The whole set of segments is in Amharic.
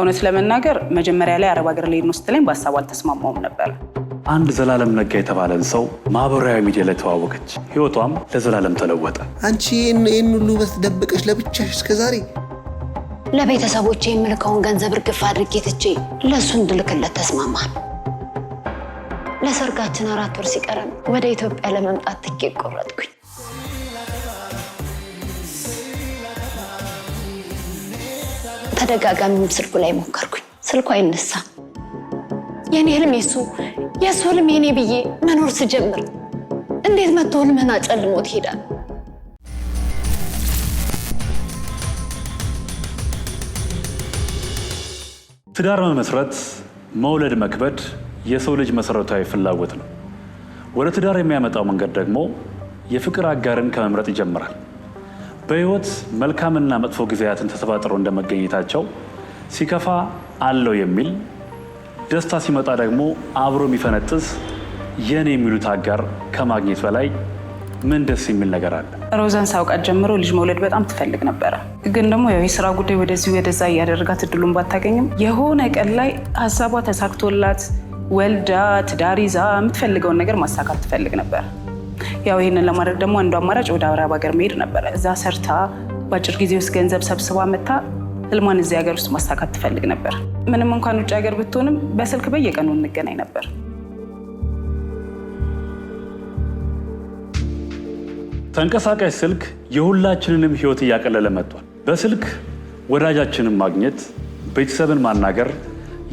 እውነት ለመናገር መጀመሪያ ላይ አረብ ሀገር ላይ ነው ስትለኝ በሀሳቡ አልተስማማውም ነበር። አንድ ዘላለም ነጋ የተባለን ሰው ማህበራዊ ሚዲያ ላይ ተዋወቀች። ህይወቷም ለዘላለም ተለወጠ። አንቺ ይህን ሁሉ ውበት ደብቀሽ ለብቻሽ እስከዛሬ ለቤተሰቦች የምልከውን ገንዘብ እርግፍ አድርጌ ትቼ ለእሱ እንድልክለት ተስማማ። ለሰርጋችን አራት ወር ሲቀረን ወደ ኢትዮጵያ ለመምጣት ትኬት ቆረጥኩኝ። በተደጋጋሚም ስልኩ ላይ ሞከርኩኝ። ስልኩ አይነሳም። የኔ ህልም የሱ የእሱ ህልም የኔ ብዬ መኖር ስጀምር እንዴት መጥቶ ህልምህን አጨልሞት ይሄዳል? ትዳር መመስረት፣ መውለድ መክበድ የሰው ልጅ መሰረታዊ ፍላጎት ነው። ወደ ትዳር የሚያመጣው መንገድ ደግሞ የፍቅር አጋርን ከመምረጥ ይጀምራል። በህይወት መልካምና መጥፎ ጊዜያትን ተሰባጥሮ እንደመገኘታቸው ሲከፋ አለው የሚል ደስታ ሲመጣ ደግሞ አብሮ የሚፈነጥስ የኔ የሚሉት አጋር ከማግኘት በላይ ምን ደስ የሚል ነገር አለ? ሮዛን ሳውቃት ጀምሮ ልጅ መውለድ በጣም ትፈልግ ነበረ። ግን ደግሞ ያው የስራ ጉዳይ ወደዚህ ወደዛ እያደረጋት እድሉን ባታገኝም የሆነ ቀን ላይ ሀሳቧ ተሳክቶላት ወልዳ ትዳር ይዛ የምትፈልገውን ነገር ማሳካት ትፈልግ ነበር። ያው ይህንን ለማድረግ ደግሞ አንዱ አማራጭ ወደ አረብ ሀገር መሄድ ነበረ። እዛ ሰርታ በአጭር ጊዜ ውስጥ ገንዘብ ሰብስባ መታ ህልሟን እዚህ ሀገር ውስጥ ማሳካት ትፈልግ ነበር። ምንም እንኳን ውጭ ሀገር ብትሆንም በስልክ በየቀኑ እንገናኝ ነበር። ተንቀሳቃሽ ስልክ የሁላችንንም ህይወት እያቀለለ መጥቷል። በስልክ ወዳጃችንን ማግኘት፣ ቤተሰብን ማናገር፣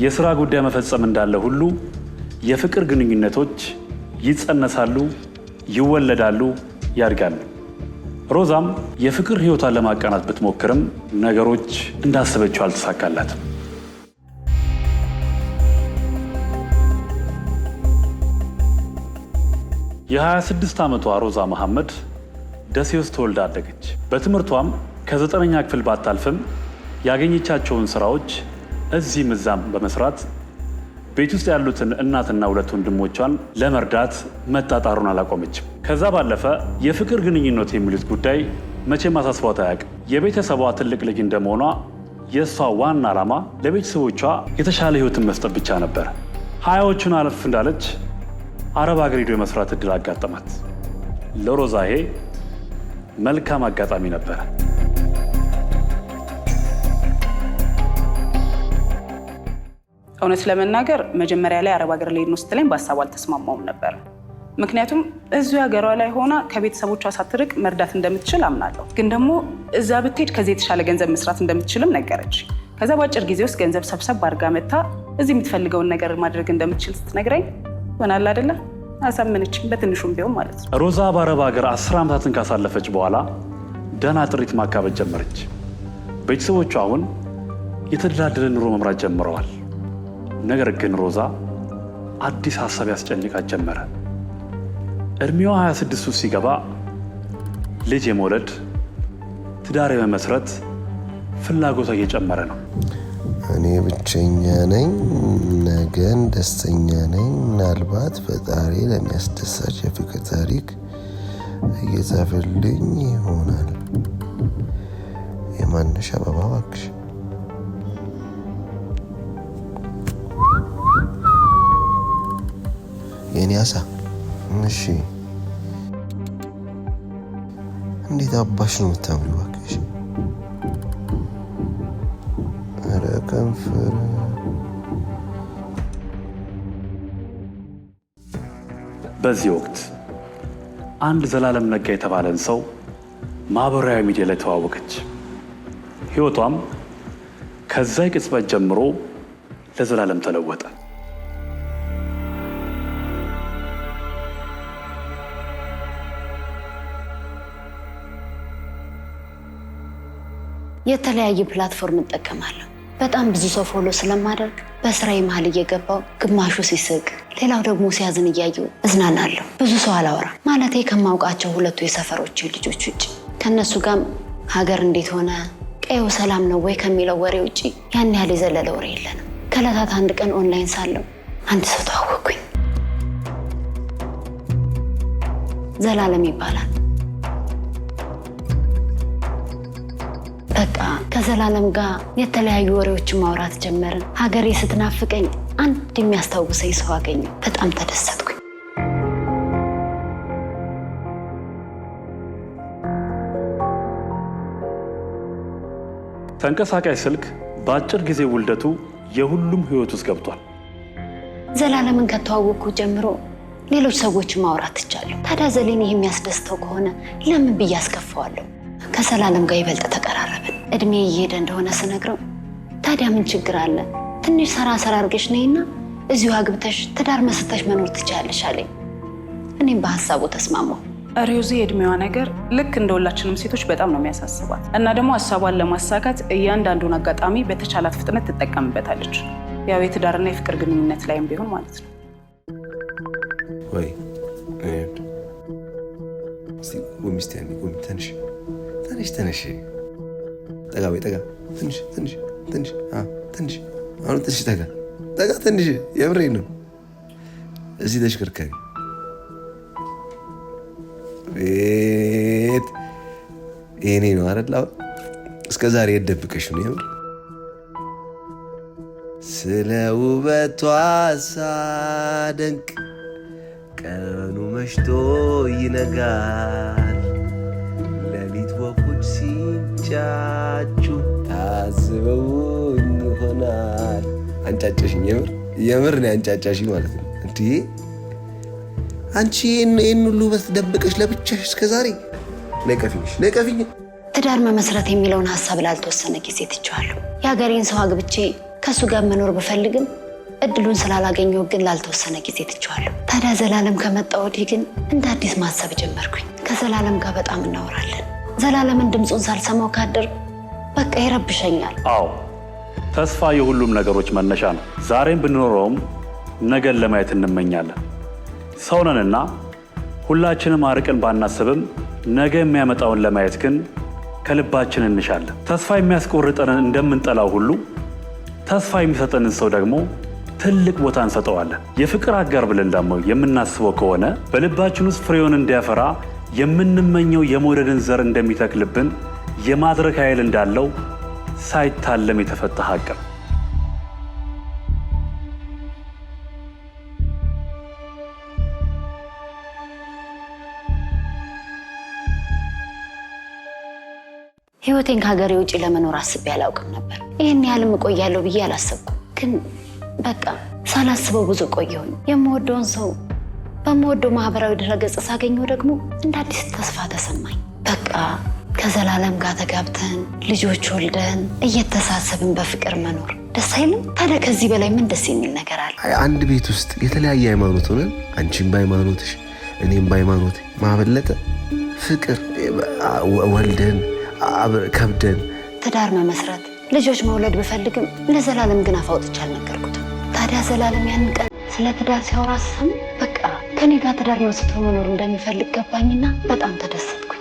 የሥራ ጉዳይ መፈጸም እንዳለ ሁሉ የፍቅር ግንኙነቶች ይጸነሳሉ፣ ይወለዳሉ፣ ያድጋሉ። ሮዛም የፍቅር ህይወቷን ለማቃናት ብትሞክርም ነገሮች እንዳሰበችው አልተሳካላትም። የ26 ዓመቷ ሮዛ መሐመድ ደሴ ውስጥ ተወልዳ አደገች። በትምህርቷም ከዘጠነኛ ክፍል ባታልፍም ያገኘቻቸውን ስራዎች እዚህም እዛም በመስራት ቤት ውስጥ ያሉትን እናትና ሁለት ወንድሞቿን ለመርዳት መጣጣሩን አላቆመችም። ከዛ ባለፈ የፍቅር ግንኙነት የሚሉት ጉዳይ መቼም አሳስቧት አያውቅም። የቤተሰቧ ትልቅ ልጅ እንደመሆኗ የእሷ ዋና ዓላማ ለቤተሰቦቿ የተሻለ ህይወትን መስጠት ብቻ ነበር። ሀያዎቹን አለፍ እንዳለች አረብ ሀገር ሄዶ የመስራት እድል አጋጠማት። ለሮዛ ይሄ መልካም አጋጣሚ ነበር። እውነት ለመናገር መጀመሪያ ላይ አረብ ሀገር ልሄድ ነው ስትለኝ በሀሳቡ አልተስማማውም ነበር። ምክንያቱም እዚሁ ሀገሯ ላይ ሆና ከቤተሰቦቿ ሳትርቅ መርዳት እንደምትችል አምናለሁ። ግን ደግሞ እዛ ብትሄድ ከዚህ የተሻለ ገንዘብ መስራት እንደምትችልም ነገረች። ከዛ በአጭር ጊዜ ውስጥ ገንዘብ ሰብሰብ አድርጋ መታ እዚህ የምትፈልገውን ነገር ማድረግ እንደምትችል ስትነግረኝ ሆናል አደለ አሳመነችኝ፣ በትንሹም ቢሆን ማለት ነው። ሮዛ በአረብ ሀገር አስር ዓመታትን ካሳለፈች በኋላ ደህና ጥሪት ማካበት ጀመረች። ቤተሰቦቿ አሁን የተደላደለ ኑሮ መምራት ጀምረዋል። ነገር ግን ሮዛ አዲስ ሀሳብ ያስጨንቃት ጀመረ። እድሜዋ 26 ውስጥ ሲገባ ልጅ የመውለድ ትዳር የመመስረት ፍላጎቷ እየጨመረ ነው። እኔ ብቸኛ ነኝ፣ ነገን ደስተኛ ነኝ። ምናልባት ፈጣሪ ለሚያስደሳች የፍቅር ታሪክ እየጻፈልኝ ይሆናል። የማንሽ አበባ እባክሽ የኔ አሳ። እሺ፣ እንዴት አባሽ ነው የምታምሪው? እባክሽ ኧረ ከንፈር በዚህ ወቅት አንድ ዘላለም ነጋ የተባለን ሰው ማህበራዊ ሚዲያ ላይ ተዋወቀች። ህይወቷም ከዛ ቅጽበት ጀምሮ ለዘላለም ተለወጠ። የተለያየ ፕላትፎርም እጠቀማለሁ። በጣም ብዙ ሰው ፎሎ ስለማደርግ በስራዬ መሀል እየገባው ግማሹ ሲስቅ፣ ሌላው ደግሞ ሲያዝን እያየው እዝናናለሁ። ብዙ ሰው አላወራ ማለቴ ከማውቃቸው ሁለቱ የሰፈሮች ልጆች ውጭ ከእነሱ ጋር ሀገር እንዴት ሆነ ቀየው ሰላም ነው ወይ ከሚለው ወሬ ውጭ ያን ያህል የዘለለ ወሬ የለንም። ከእለታት አንድ ቀን ኦንላይን ሳለው አንድ ሰው ተዋወቅኩኝ። ዘላለም ይባላል። በቃ ከዘላለም ጋር የተለያዩ ወሬዎችን ማውራት ጀመርን። ሀገሬ ስትናፍቀኝ አንድ የሚያስታውሰኝ ሰው አገኘ በጣም ተደሰትኩ። ተንቀሳቃሽ ስልክ በአጭር ጊዜ ውልደቱ የሁሉም ህይወት ውስጥ ገብቷል። ዘላለምን ከተዋወቅኩ ጀምሮ ሌሎች ሰዎችን ማውራት ትቻለሁ። ታዲያ ዘሌን ይህ የሚያስደስተው ከሆነ ለምን ብዬ አስከፋዋለሁ? ከሰላለም ጋር ይበልጥ ተቀራረብን። እድሜ እየሄደ እንደሆነ ስነግረው ታዲያ ምን ችግር አለ ትንሽ ሰራ ሰራ አድርገሽ ነይና እዚሁ አግብተሽ ትዳር መስርተሽ መኖር ትችያለሽ አለኝ። እኔም በሀሳቡ ተስማማሁ። ሪዮዚ የእድሜዋ ነገር ልክ እንደ ሁላችንም ሴቶች በጣም ነው የሚያሳስባት እና ደግሞ ሀሳቧን ለማሳካት እያንዳንዱን አጋጣሚ በተቻላት ፍጥነት ትጠቀምበታለች። ያው የትዳርና የፍቅር ግንኙነት ላይም ቢሆን ማለት ነው። ወይ ሚስቴ ትንሽ ትንሽ ጠጋ በይ ጠጋ ትንሽ ትንሽ ትንሽ ትንሽ አሁን ትንሽ ጠጋ ጠጋ ትንሽ የምሬ ነው። እዚህ ተሽከርካሪ ቤት ይሄኔ ነው አይደል? እስከ ዛሬ የደብቀሽ ነው የምር። ስለ ውበቷ ሳደንቅ ቀኑ መሽቶ ይነጋል ልጆቻችሁ ታዝበው ይሆናል። አንጫጫሽኝ፣ የምር የምር ነው አንጫጫሽኝ ማለት ነው። እንዲ አንቺ ይህን ሁሉ በስ ደብቀሽ ለብቻሽ እስከዛሬ ነቀፊሽ ነቀፊኝ። ትዳር መመስረት የሚለውን ሀሳብ ላልተወሰነ ጊዜ ትቼዋለሁ። የሀገሬን ሰው አግብቼ ከእሱ ጋር መኖር ብፈልግም እድሉን ስላላገኘው ግን ላልተወሰነ ጊዜ ትቼዋለሁ። ታዲያ ዘላለም ከመጣ ወዲህ ግን እንደ አዲስ ማሰብ ጀመርኩኝ። ከዘላለም ጋር በጣም እናወራለን። ዘላለምን ድምፁን ሳልሰማው ካደር በቃ ይረብሸኛል። አዎ ተስፋ የሁሉም ነገሮች መነሻ ነው። ዛሬም ብንኖረውም ነገን ለማየት እንመኛለን። ሰው ነንና ሁላችንም አርቅን ባናስብም ነገ የሚያመጣውን ለማየት ግን ከልባችን እንሻለን። ተስፋ የሚያስቆርጠንን እንደምንጠላው ሁሉ ተስፋ የሚሰጠንን ሰው ደግሞ ትልቅ ቦታ እንሰጠዋለን። የፍቅር አጋር ብለን ደግሞ የምናስበው ከሆነ በልባችን ውስጥ ፍሬውን እንዲያፈራ የምንመኘው የመውደድን ዘር እንደሚተክልብን የማድረግ ኃይል እንዳለው ሳይታለም የተፈታ ሀቅ ነው። ህይወቴን ከሀገሬ ውጭ ለመኖር አስቤ አላውቅም ነበር። ይህን ያህልም እቆያለሁ ብዬ አላሰብኩም። ግን በቃ ሳላስበው ብዙ ቆየሁኝ። የምወደውን ሰው በምወደው ማህበራዊ ድረገጽ ሳገኘው ደግሞ እንደ አዲስ ተስፋ ተሰማኝ። በቃ ከዘላለም ጋር ተጋብተን ልጆች ወልደን እየተሳሰብን በፍቅር መኖር ደስ አይልም? ታዲያ ከዚህ በላይ ምን ደስ የሚል ነገር አለ? አንድ ቤት ውስጥ የተለያየ ሃይማኖት ሆነን አንቺም በሃይማኖትሽ እኔም በሃይማኖት ማበለጠ ፍቅር ወልደን ከብደን ትዳር መመስረት ልጆች መውለድ ብፈልግም ለዘላለም ግን አፍ አልነገርኩትም። ታዲያ ዘላለም ያን ቀን ስለ ትዳር ሲያወራ ስሰማ በቃ ከኔ ጋር ትዳር መስርቶ መኖር እንደሚፈልግ ገባኝና በጣም ተደሰትኩ።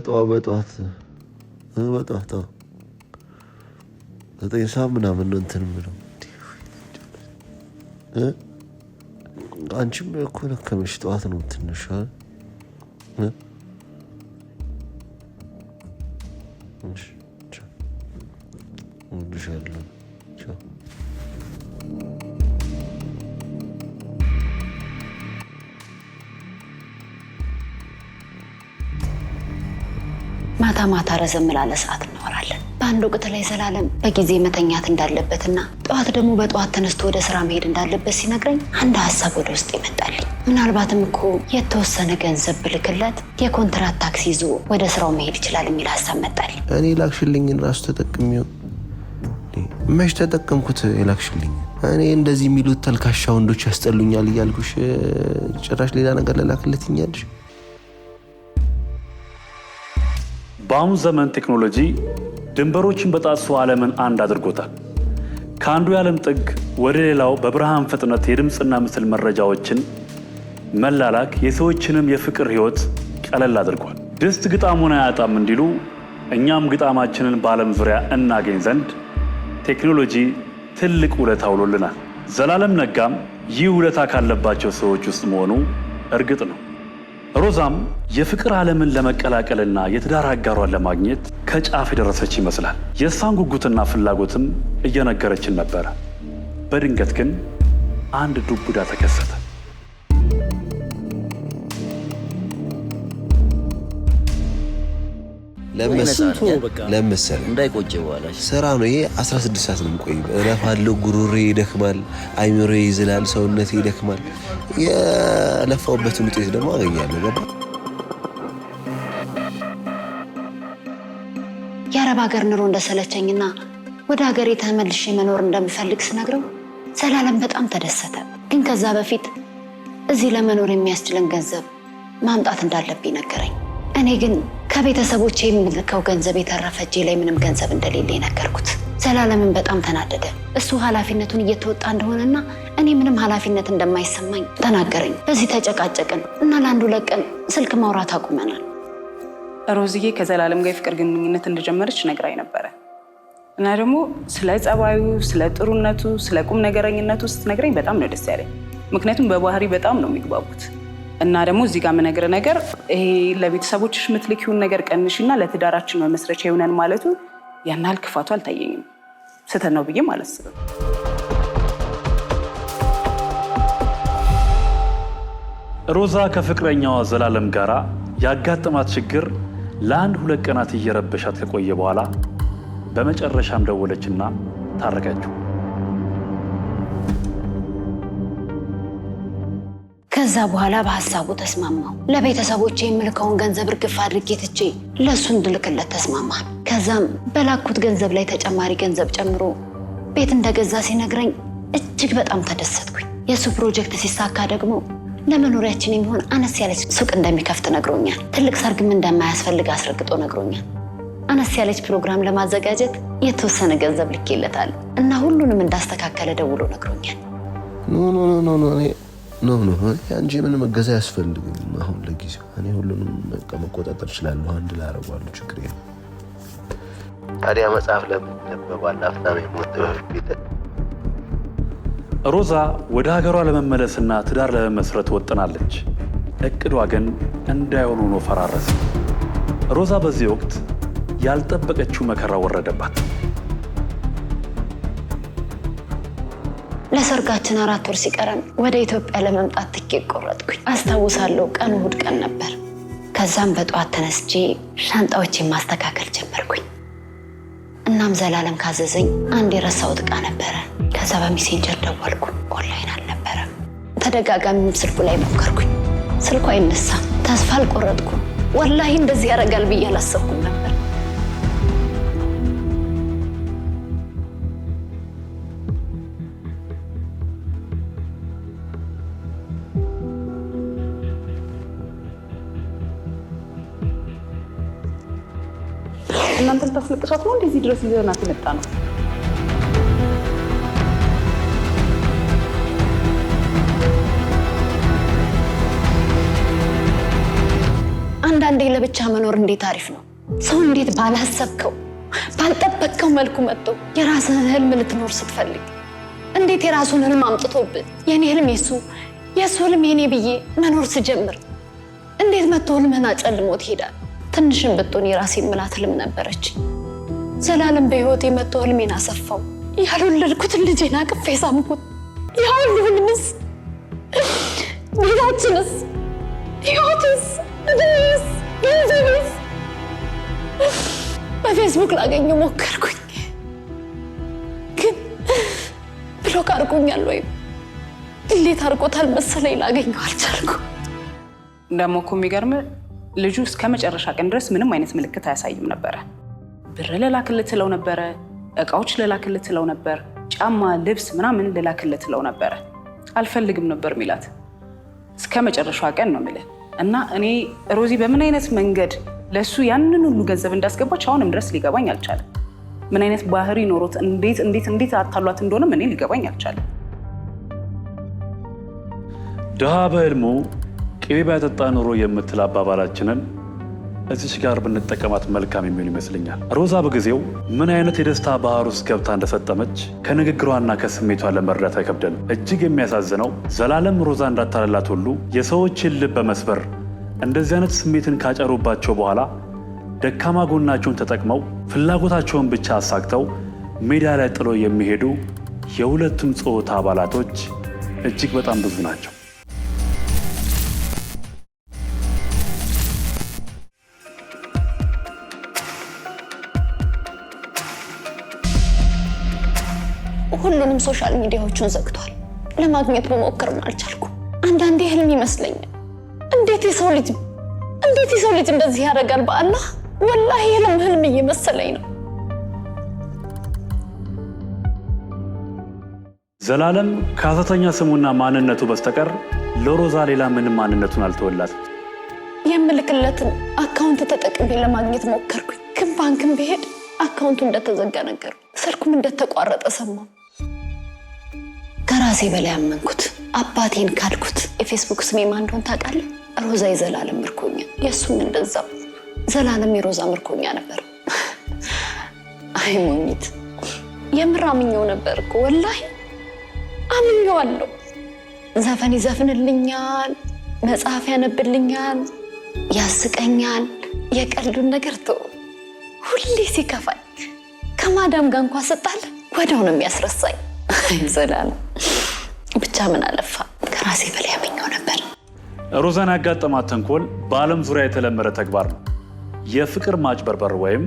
በጠዋት በጠዋት በጠዋት ዘጠኝ ሰዓት ምናምን ነው እንትን ምለው አንቺም እኮ ነከመሽ ጠዋት ነው ትንሽ ማታ ማታ ረዘም ላለ ሰዓት እናወራለን። በአንድ ወቅት ላይ ዘላለም በጊዜ መተኛት እንዳለበትና ጠዋት ደግሞ በጠዋት ተነስቶ ወደ ስራ መሄድ እንዳለበት ሲነግረኝ አንድ ሀሳብ ወደ ውስጥ ይመጣልኝ። ምናልባትም እኮ የተወሰነ ገንዘብ ብልክለት የኮንትራት ታክሲ ይዞ ወደ ስራው መሄድ ይችላል የሚል ሀሳብ መጣልኝ። እኔ ላክሽልኝን ራሱ ተጠቅሚው መች ተጠቀምኩት የላክሽልኝ። እኔ እንደዚህ የሚሉት ተልካሻ ወንዶች ያስጠሉኛል እያልኩሽ ጭራሽ ሌላ ነገር ለላክለትኛልሽ በአሁኑ ዘመን ቴክኖሎጂ ድንበሮችን በጣሱ ዓለምን አንድ አድርጎታል። ከአንዱ የዓለም ጥግ ወደ ሌላው በብርሃን ፍጥነት የድምፅና ምስል መረጃዎችን መላላክ የሰዎችንም የፍቅር ሕይወት ቀለል አድርጓል። ድስት ግጣሙን አያጣም እንዲሉ እኛም ግጣማችንን በዓለም ዙሪያ እናገኝ ዘንድ ቴክኖሎጂ ትልቅ ውለታ ውሎልናል። ዘላለም ነጋም ይህ ውለታ ካለባቸው ሰዎች ውስጥ መሆኑ እርግጥ ነው። ሮዛም የፍቅር ዓለምን ለመቀላቀልና የትዳር አጋሯን ለማግኘት ከጫፍ የደረሰች ይመስላል። የእሷን ጉጉትና ፍላጎትም እየነገረችን ነበረ። በድንገት ግን አንድ ዱብ ተከሰተ። ለምስንቱ ለምስል እንዳይቆጭ በኋላ ስራ ነው ይሄ። 16 ሰዓት ነው የምቆይ። እለፋለሁ። ጉሮሬ ይደክማል፣ አይምሮ ይዝላል፣ ሰውነት ይደክማል። የለፋውበትን ውጤት ደግሞ አገኛለሁ። ገባ የአረብ ሀገር ኑሮ እንደሰለቸኝና ወደ ሀገሬ ተመልሼ መኖር እንደምፈልግ ስነግረው ዘላለም በጣም ተደሰተ። ግን ከዛ በፊት እዚህ ለመኖር የሚያስችለን ገንዘብ ማምጣት እንዳለብኝ ነገረኝ። እኔ ግን ከቤተሰቦች የምልከው ገንዘብ የተረፈ እጄ ላይ ምንም ገንዘብ እንደሌለ የነገርኩት ዘላለምን በጣም ተናደደ። እሱ ኃላፊነቱን እየተወጣ እንደሆነና እኔ ምንም ኃላፊነት እንደማይሰማኝ ተናገረኝ። በዚህ ተጨቃጨቅን እና ለአንዱ ለቀን ስልክ ማውራት አቁመናል። ሮዝዬ ከዘላለም ጋር የፍቅር ግንኙነት እንደጀመረች ነግራኝ ነበረ እና ደግሞ ስለ ጸባዩ፣ ስለ ጥሩነቱ፣ ስለ ቁም ነገረኝነቱ ስትነግረኝ በጣም ነው ደስ ያለኝ። ምክንያቱም በባህሪ በጣም ነው የሚግባቡት እና ደግሞ እዚህ ጋር የምነግርህ ነገር ይሄ ለቤተሰቦችሽ የምትልኪውን ነገር ቀንሽና ለትዳራችን መመስረቻ ይሆነን ማለቱ ያን ያህል ክፋቱ አልታየኝም። ስህተት ነው ብዬም አላስብም። ሮዛ ከፍቅረኛዋ ዘላለም ጋር ያጋጠማት ችግር ለአንድ ሁለት ቀናት እየረበሻት ከቆየ በኋላ በመጨረሻም ደወለችና ታረቀችው። ከዛ በኋላ በሀሳቡ ተስማማው። ለቤተሰቦች የምልከውን ገንዘብ እርግፍ አድርጌ ትቼ ለእሱ እንድልክለት ተስማማ። ከዛም በላኩት ገንዘብ ላይ ተጨማሪ ገንዘብ ጨምሮ ቤት እንደገዛ ሲነግረኝ እጅግ በጣም ተደሰትኩኝ። የእሱ ፕሮጀክት ሲሳካ ደግሞ ለመኖሪያችን የሚሆን አነስ ያለች ሱቅ እንደሚከፍት ነግሮኛል። ትልቅ ሰርግም እንደማያስፈልግ አስረግጦ ነግሮኛል። አነስ ያለች ፕሮግራም ለማዘጋጀት የተወሰነ ገንዘብ ልኬለታል እና ሁሉንም እንዳስተካከለ ደውሎ ነግሮኛል። ኖ ኖ ኖ ኖ ኖ ኖ አንቺ ምንም እገዛ ያስፈልግም። አሁን ለጊዜው እኔ ሁሉንም መቆጣጠር እችላለሁ። አንድ ላረጓሉ ችግር የለም። ታዲያ መጽሐፍ ለምን ይነበባል? አፍታም የሞት በፊት ሮዛ ወደ ሀገሯ ለመመለስና ትዳር ለመመስረት ወጥናለች። እቅዷ ግን እንዳይሆን ሆኖ ፈራረሰ። ሮዛ በዚህ ወቅት ያልጠበቀችው መከራ ወረደባት። ለሰርጋችን አራት ወር ሲቀረን ወደ ኢትዮጵያ ለመምጣት ትኬት ቆረጥኩኝ። አስታውሳለሁ፣ ቀኑ እሑድ ቀን ነበር። ከዛም በጠዋት ተነስቼ ሻንጣዎቼን ማስተካከል ጀመርኩኝ። እናም ዘላለም ካዘዘኝ አንድ የረሳሁት ዕቃ ነበረ። ከዛ በሜሴንጀር ደወልኩ፣ ኦንላይን አልነበረም። ተደጋጋሚም ስልኩ ላይ ሞከርኩኝ፣ ስልኩ አይነሳም። ተስፋ አልቆረጥኩም። ወላሂ እንደዚህ ያደርጋል ብዬ አላሰብኩም ነበር። አስመጥሻት ነው እንደዚህ ድረስ ይዘናት የመጣ ነው። አንዳንዴ ለብቻ መኖር እንዴት አሪፍ ነው። ሰው እንዴት ባላሰብከው ባልጠበቅከው መልኩ መጥቶ የራስህን ህልም ልትኖር ስትፈልግ እንዴት የራሱን ህልም አምጥቶብህ የኔ ህልም የሱ የእሱ ህልም የኔ ብዬ መኖር ስጀምር እንዴት መጥቶ ህልምህን አጨልሞ ትሄዳል። ትንሽን ብትሆን የራሴ ምላት ህልም ነበረች። ዘላለም በህይወት የመቶ ህልሜን አሰፋው። ያልወለድኩትን ልጄን አቅፍ የሳምኩት ያሁሉ ህልምስ ቤታችንስ ህይወትስ እድሜስ ገንዘብስ በፌስቡክ ላገኘ ሞከርኩኝ፣ ግን ብሎክ አድርጎኛል ወይም እንዴት አድርጎታል መሰለኝ ላገኘው አልቻልኩ። ደግሞ እኮ የሚገርም ልጁ እስከ መጨረሻ ቀን ድረስ ምንም አይነት ምልክት አያሳይም ነበረ። ብር ልላክልህ ትለው ነበረ፣ እቃዎች ልላክልህ ትለው ነበር፣ ጫማ፣ ልብስ ምናምን ልላክልህ ትለው ነበረ። አልፈልግም ነበር ሚላት እስከ መጨረሻዋ ቀን ነው የሚለ እና እኔ ሮዚ በምን አይነት መንገድ ለእሱ ያንን ሁሉ ገንዘብ እንዳስገባች አሁንም ድረስ ሊገባኝ አልቻለም። ምን አይነት ባህሪ ኖሮት እንዴት እንዴት እንዴት አታሏት እንደሆነም እኔ ሊገባኝ አልቻለም። ድሃ በህልሙ ቅቤ ባያጠጣ ኑሮ የምትል አባባላችንን እዚች ጋር ብንጠቀማት መልካም የሚሆን ይመስለኛል። ሮዛ በጊዜው ምን አይነት የደስታ ባህር ውስጥ ገብታ እንደሰጠመች ከንግግሯና ከስሜቷ ለመረዳት አይከብደንም። እጅግ የሚያሳዝነው ዘላለም ሮዛ እንዳታለላት ሁሉ የሰዎችን ልብ በመስበር እንደዚህ አይነት ስሜትን ካጨሩባቸው በኋላ ደካማ ጎናቸውን ተጠቅመው ፍላጎታቸውን ብቻ አሳክተው ሜዳ ላይ ጥሎ የሚሄዱ የሁለቱም ጾታ አባላቶች እጅግ በጣም ብዙ ናቸው። ሁሉንም ሶሻል ሚዲያዎቹን ዘግቷል። ለማግኘት በሞከርም አልቻልኩም። አንዳንዴ ህልም ይመስለኛል። እንዴት የሰው ልጅ እንዴት የሰው ልጅ እንደዚህ ያደርጋል? በአላህ ወላሂ ህልም ህልም እየመሰለኝ ነው። ዘላለም ከሐሰተኛ ስሙና ማንነቱ በስተቀር ለሮዛ ሌላ ምንም ማንነቱን አልተወላትም። የምልክለትን አካውንት ተጠቅሜ ለማግኘት ሞከርኩኝ፣ ግን ባንክም ብሄድ አካውንቱ እንደተዘጋ ነገር፣ ስልኩም እንደተቋረጠ ሰማሁ። ከራሴ በላይ አመንኩት። አባቴን ካድኩት። የፌስቡክ ስሜ ማን እንደሆነ ታውቃለህ? ሮዛ የዘላለም ምርኮኛ። የእሱም እንደዛው ዘላለም የሮዛ ምርኮኛ ነበር። አይ ሞኒት፣ የምር አምኜው ነበር እኮ ወላሂ አምኜዋለሁ። ዘፈን ይዘፍንልኛል፣ መጽሐፍ ያነብልኛል፣ ያስቀኛል። የቀልዱን ነገር ተው። ሁሌ ሲከፋኝ ከማዳም ጋር እንኳ ስጣል ወዲያው ነው የሚያስረሳኝ። ይዘላል ብቻ ምን አለፋ ከራሴ በላይ ያመኘው ነበር። ሮዛን ያጋጠማት ተንኮል በዓለም ዙሪያ የተለመደ ተግባር ነው። የፍቅር ማጭበርበር ወይም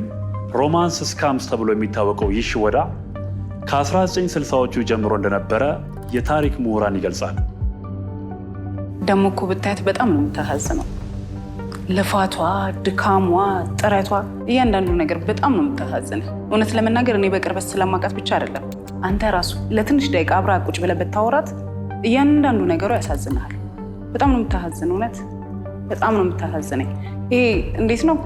ሮማንስ ስካምስ ተብሎ የሚታወቀው ይህ ሽወዳ ከ1960ዎቹ ጀምሮ እንደነበረ የታሪክ ምሁራን ይገልጻል። ደግሞ እኮ ብታያት በጣም ነው የምታሳዝነው። ልፋቷ፣ ድካሟ፣ ጥረቷ፣ እያንዳንዱ ነገር በጣም ነው የምታሳዝነ። እውነት ለመናገር እኔ በቅርበት ስለማውቃት ብቻ አይደለም አንተ ራሱ ለትንሽ ደቂቃ አብራ ቁጭ ብለህ ብታወራት እያንዳንዱ ነገሩ ያሳዝናል። በጣም ነው የምታሳዝን። እውነት በጣም ነው የምታሳዝነኝ። ይሄ እንዴት ነው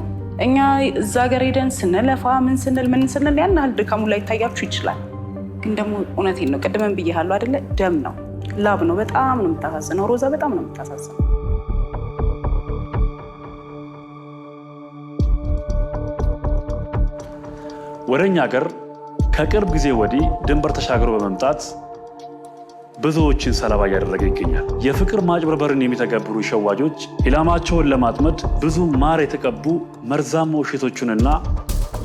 እኛ እዛ ሀገር ሄደን ስንለፋ ምን ስንል ምን ስንል ያን ያህል ድካሙ ላይ ይታያችሁ ይችላል። ግን ደግሞ እውነቴን ነው ቅድመን ብያሃሉ አይደለ? ደም ነው ላብ ነው። በጣም ነው የምታሳዝነው ሮዛ፣ በጣም ነው የምታሳዝነው። ወደ እኛ ሀገር ከቅርብ ጊዜ ወዲህ ድንበር ተሻግሮ በመምጣት ብዙዎችን ሰለባ እያደረገ ይገኛል። የፍቅር ማጭበርበርን የሚተገብሩ ሸዋጆች ኢላማቸውን ለማጥመድ ብዙ ማር የተቀቡ መርዛማ ውሸቶችንና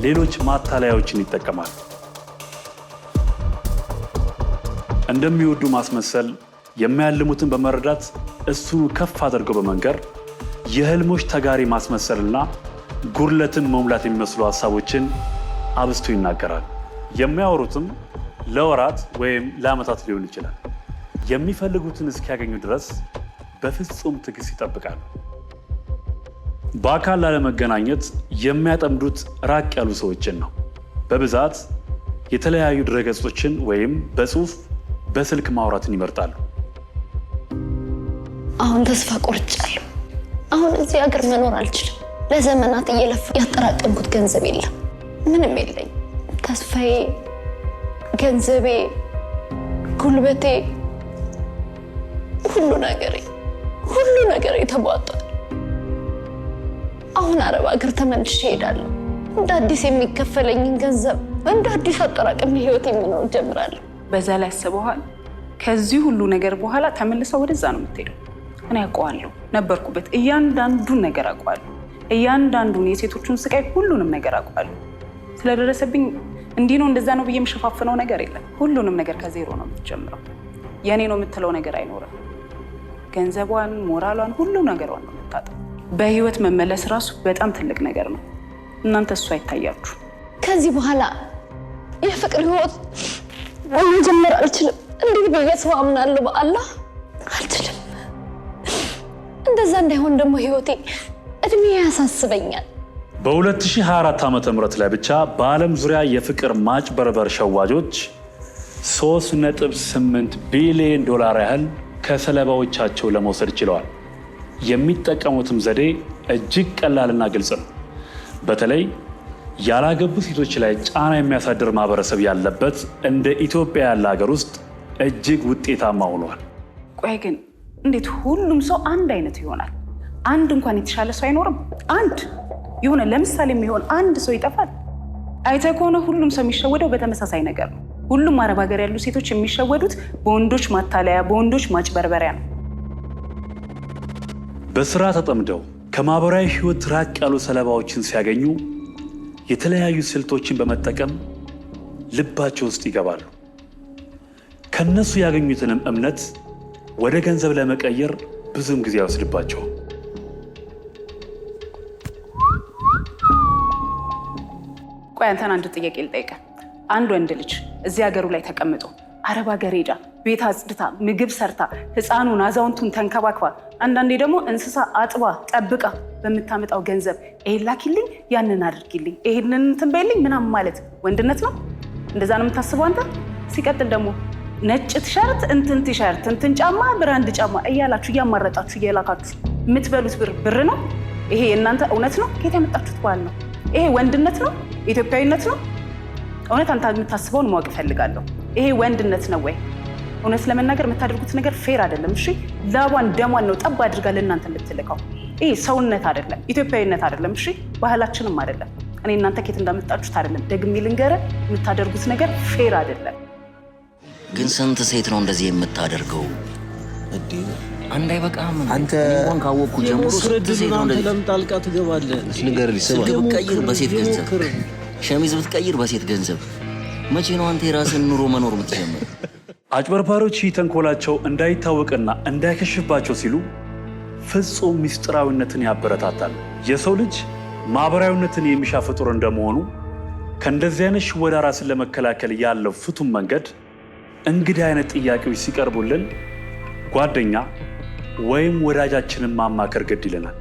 ሌሎች ማታለያዎችን ይጠቀማል። እንደሚወዱ ማስመሰል፣ የሚያልሙትን በመረዳት እሱኑ ከፍ አድርገው በመንገር የህልሞች ተጋሪ ማስመሰልና ጉድለትን መሙላት የሚመስሉ ሀሳቦችን አብስቶ ይናገራል። የሚያወሩትም ለወራት ወይም ለዓመታት ሊሆን ይችላል። የሚፈልጉትን እስኪያገኙ ድረስ በፍጹም ትዕግስት ይጠብቃሉ። በአካል ላለመገናኘት የሚያጠምዱት ራቅ ያሉ ሰዎችን ነው። በብዛት የተለያዩ ድረገጾችን ወይም በጽሁፍ በስልክ ማውራትን ይመርጣሉ። አሁን ተስፋ ቆርጫለሁ። አሁን እዚህ ሀገር መኖር አልችልም። ለዘመናት እየለፋ ያጠራቀምኩት ገንዘብ የለም፣ ምንም የለኝ ተስፋዬ፣ ገንዘቤ፣ ጉልበቴ፣ ሁሉ ነገሬ ሁሉ ነገሬ ተቧጧል። አሁን አረብ ሀገር ተመልሼ እሄዳለሁ። እንደ አዲስ የሚከፈለኝን ገንዘብ እንደ አዲስ አጠራቅሜ ህይወት የምኖር ጀምራለሁ። በዛ ላይ አስበዋል። ከዚህ ሁሉ ነገር በኋላ ተመልሰው ወደዛ ነው የምትሄደው። እኔ አውቀዋለሁ፣ ነበርኩበት። እያንዳንዱን ነገር አውቀዋለሁ። እያንዳንዱን የሴቶቹን ስቃይ፣ ሁሉንም ነገር አውቀዋለሁ። ስለደረሰብኝ እንዲህ ነው እንደዛ ነው ብዬ የምሸፋፍነው ነገር የለም። ሁሉንም ነገር ከዜሮ ነው የምትጀምረው። የእኔ ነው የምትለው ነገር አይኖርም። ገንዘቧን፣ ሞራሏን፣ ሁሉ ነገሯን ነው የምታጠው። በህይወት መመለስ ራሱ በጣም ትልቅ ነገር ነው። እናንተ እሱ አይታያችሁ። ከዚህ በኋላ የፍቅር ህይወት መጀመር አልችልም። እንዴት ብዬ ሰው አምናለሁ? አልችልም። እንደዛ እንዳይሆን ደግሞ ህይወቴ እድሜ ያሳስበኛል። በ2024 ዓ ም ላይ ብቻ በዓለም ዙሪያ የፍቅር ማጭበርበር ሸዋጆች 3.8 ቢሊዮን ዶላር ያህል ከሰለባዎቻቸው ለመውሰድ ችለዋል። የሚጠቀሙትም ዘዴ እጅግ ቀላልና ግልጽ ነው። በተለይ ያላገቡ ሴቶች ላይ ጫና የሚያሳድር ማህበረሰብ ያለበት እንደ ኢትዮጵያ ያለ ሀገር ውስጥ እጅግ ውጤታማ ሆኗል። ቆይ ግን እንዴት ሁሉም ሰው አንድ አይነት ይሆናል? አንድ እንኳን የተሻለ ሰው አይኖርም? አንድ የሆነ ለምሳሌ የሚሆን አንድ ሰው ይጠፋል። አይተ ከሆነ ሁሉም ሰው የሚሸወደው በተመሳሳይ ነገር ነው። ሁሉም አረብ ሀገር ያሉ ሴቶች የሚሸወዱት በወንዶች ማታለያ፣ በወንዶች ማጭበርበሪያ ነው። በስራ ተጠምደው ከማህበራዊ ህይወት ራቅ ያሉ ሰለባዎችን ሲያገኙ የተለያዩ ስልቶችን በመጠቀም ልባቸው ውስጥ ይገባሉ። ከነሱ ያገኙትንም እምነት ወደ ገንዘብ ለመቀየር ብዙም ጊዜ አይወስድባቸውም። ቆይ አንተን አንድ ጥያቄ ልጠይቀ። አንድ ወንድ ልጅ እዚህ ሀገሩ ላይ ተቀምጦ አረብ ሀገር ሄዳ ቤት አጽድታ ምግብ ሰርታ ህፃኑን አዛውንቱን ተንከባክባ አንዳንዴ ደግሞ እንስሳ አጥባ ጠብቃ በምታመጣው ገንዘብ ይሄን ላኪልኝ፣ ያንን አድርጊልኝ፣ ይሄንን እንትን በይልኝ ምናምን ማለት ወንድነት ነው? እንደዛ ነው የምታስበው አንተ? ሲቀጥል ደግሞ ነጭ ቲሸርት፣ እንትን ቲሸርት፣ እንትን ጫማ፣ ብራንድ ጫማ እያላችሁ እያማረጣችሁ እየላካችሁ የምትበሉት ብር ብር ነው። ይሄ እናንተ እውነት ነው? ከየት ያመጣችሁት ባል ነው? ይሄ ወንድነት ነው? ኢትዮጵያዊነት ነው? እውነት አንተ የምታስበውን ማወቅ እፈልጋለሁ። ይሄ ወንድነት ነው ወይ? እውነት ለመናገር የምታደርጉት ነገር ፌር አይደለም። እሺ ላቧን ደሟን ነው ጠብ አድርጋ ለእናንተ የምትልቀው። ይህ ሰውነት አይደለም፣ ኢትዮጵያዊነት አይደለም። እሺ ባህላችንም አይደለም። እኔ እናንተ ኬት እንዳመጣችሁት አይደለም። ደግሜ ልንገረ፣ የምታደርጉት ነገር ፌር አይደለም። ግን ስንት ሴት ነው እንደዚህ የምታደርገው? አንድ አይበቃም። አንተ ሆን ካወቅኩ ጀምሮ ለምን ጣልቃ ትገባለህ? ብትቀይር በሴት ገንዘብ ሸሚዝ ብትቀይር በሴት ገንዘብ መቼ ነው አንተ የራስን ኑሮ መኖር የምትጀምር? አጭበርባሪዎች ይህ ተንኮላቸው እንዳይታወቅና እንዳይከሽባቸው ሲሉ ፍጹም ምስጢራዊነትን ያበረታታል። የሰው ልጅ ማኅበራዊነትን የሚሻ ፍጡር እንደመሆኑ ከእንደዚህ አይነት ሽወዳ ራስን ለመከላከል ያለው ፍቱን መንገድ እንግዲህ አይነት ጥያቄዎች ሲቀርቡልን ጓደኛ ወይም ወዳጃችንን ማማከር ግድ ይለናል።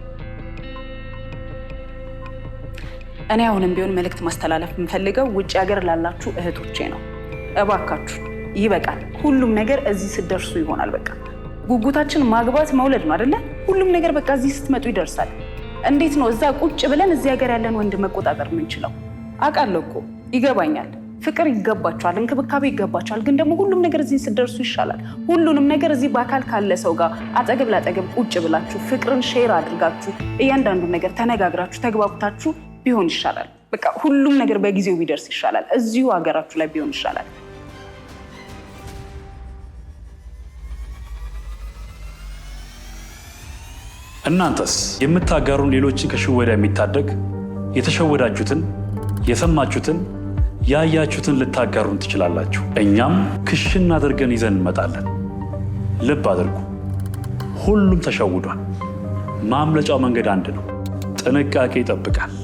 እኔ አሁንም ቢሆን መልእክት ማስተላለፍ የምፈልገው ውጭ ሀገር ላላችሁ እህቶቼ ነው። እባካችሁ ይበቃል። ሁሉም ነገር እዚህ ስትደርሱ ይሆናል። በቃ ጉጉታችን ማግባት መውለድ ነው አይደለ? ሁሉም ነገር በቃ እዚህ ስትመጡ ይደርሳል። እንዴት ነው እዛ ቁጭ ብለን እዚህ ሀገር ያለን ወንድ መቆጣጠር የምንችለው? አውቃለሁ እኮ ይገባኛል። ፍቅር ይገባቸዋል፣ እንክብካቤ ይገባቸዋል። ግን ደግሞ ሁሉም ነገር እዚህ ስደርሱ ይሻላል። ሁሉንም ነገር እዚህ በአካል ካለ ሰው ጋር አጠገብ ላጠገብ ቁጭ ብላችሁ ፍቅርን ሼር አድርጋችሁ እያንዳንዱ ነገር ተነጋግራችሁ ተግባብታችሁ ቢሆን ይሻላል። በቃ ሁሉም ነገር በጊዜው ቢደርስ ይሻላል። እዚሁ ሀገራችሁ ላይ ቢሆን ይሻላል። እናንተስ የምታጋሩን ሌሎችን ከሽወዳ የሚታደግ የተሸወዳችሁትን የሰማችሁትን ያያችሁትን ልታጋሩን ትችላላችሁ። እኛም ክሽን አድርገን ይዘን እንመጣለን። ልብ አድርጉ፣ ሁሉም ተሸውዷል። ማምለጫው መንገድ አንድ ነው፣ ጥንቃቄ ይጠብቃል።